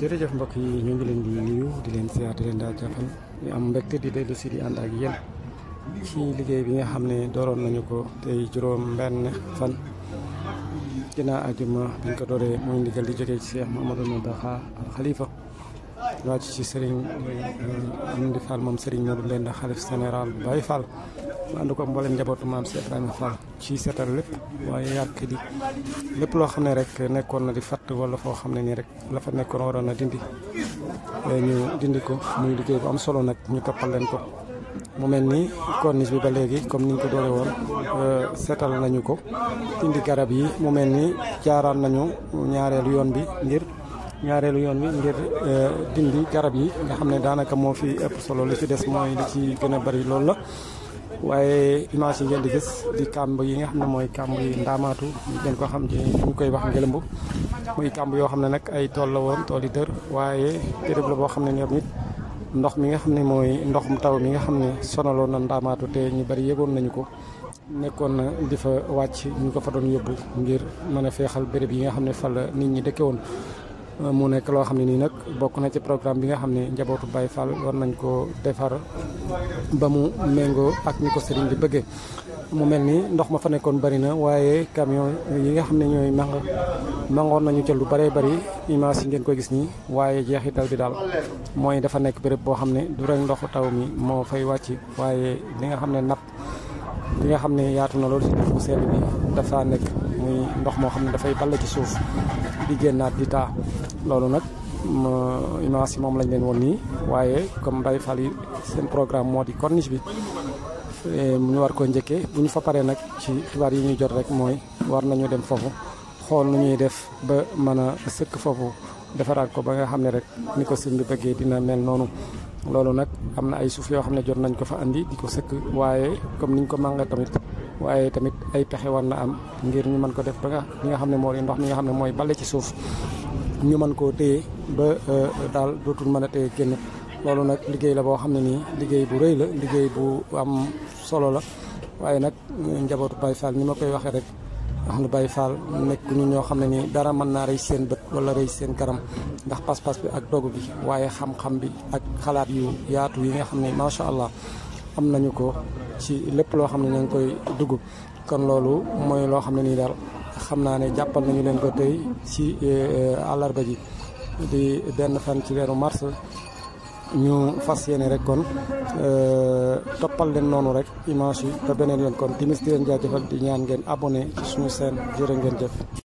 jërëjëf mbokk yi ñu ngi leen di nuyu di leen siyaar di leen daal jàppal ñu am mbégte di dellu di ànd ak yéen ci liggéey bi nga xam ne dooroon nañu ko tey juróom benn fan ginnaaw ajuma biñ ko dooree mooy ndigal di jógee ci Cheikh Mouhamadou Mountakha al Khalifa wàcc ci Serigne Amdi Fall moom Serigne Modou Mbenda xalif général bu Baye Fall ma ànd ko mboolem njabootu maam ci seetal lépp waaye yàq di lépp loo xam ne rek nekkoon na di fatt wala foo xam ne nii rek la fa nekkoon waroon a dindi eh, ñu dindi ko muy liggéey bu am solo nag ñu toppal leen ko mu mel ni corniche bi ba léegi comme niñ ko doole woon eh, seetal nañu ko indi garab yi mu mel ni jaaraan nañu ñaareelu yoon bi ngir ñaareelu yoon bi ngir eh, dindi garab yi nga xam ne daanaka moo fi ëpp solo li ci des mooy li ci gën a bari loolu la waaye image yi ngeen di gis di kàmb yi nga xam ne mooy kàmb yi ndaamaatu ngeen ko xam ci ñu koy wax ngelambu muy kàmb yoo xam ne nag ay tool la woon tool yi dër waaye béréb la boo xam ne ñoom it ndox mi nga xam ne mooy ndoxum taw mi nga xam ne sonaloon na ndaamaatu te ñu bari yëgoon nañu ko nekkoon na di fa wàcc ñu ko fa doon yóbbu ngir mën a feexal béréb yi nga xam ne fa la nit ñi dëkke woon mu nekk loo xam ne nii nag bokk na ci programme bi nga xam ne njabootu bay fal war nañ ko defar ba mu méngoo ak ñi ko sëriñ bi bëggee mu mel ni ndox ma fa nekkoon bari na waaye camion yi nga xam ne ñooy mang mangoon nañu ca lu bëree bëri image yi ngeen koy gis nii waaye jeexital bi daal mooy dafa nekk béréb boo xam ne du rek ndoxu taw mi moo fay wàcc waaye li nga xam ne napp li nga xam ne yaatu na loolu si def bu bi dafa nekk muy ndox mo xamne da fay ball ci souf di gennat di ta lolu nak innovation mom lañ leen won ni waye comme bay fali sen programme modi corniche bi euh ñu war ko ñëkke bu ñu fa paré nak ci xibaar yi ñu jot rek moy war nañu dem fofu xol nu ñuy def ba mëna sekk fofu defaraat ko ba nga xamne rek ni ko sëñ bi bëggee dina mel nonu lolu nak amna ay souf yo xamne jot nañ ko fa andi diko sekk waye comme niñ ko mangal tamit waaye tamit ay pexe war na am ngir ñu mën ko def ba nga nga xam ne moo di ndox mi nga xam ne mooy bale ci suuf ñu mën koo téye ba euh, daal dootul mën a téye génn loolu nag liggéey la boo xam ne nii liggéey bu rëy la liggéey bu am solo la waaye nag euh, njabootu Baye Fall ni ma koy waxee rek xam nu Baye Fall nekk ñu ñoo xam ne nii dara mën naa rëy seen bët wala rëy seen karam ndax pas-pas bi ak dogu bi waaye xam-xam bi ak xalaat yu yaatu yi nga xam ne macha allah xam nañu ko ci lépp loo xam ne nañ koy dugub kon loolu mooy loo xam ne nii daal xam naa ne jàppal nañu leen ko tey ci euh, àllarba ji di benn fan ci weeru mars ñu fas yéene rek kon euh, toppal leen noonu rek image yi te beneen yoon kon timis di leen jaajëfal di ñaan ngeen abonné ci suñu seen jërë ngeen jëf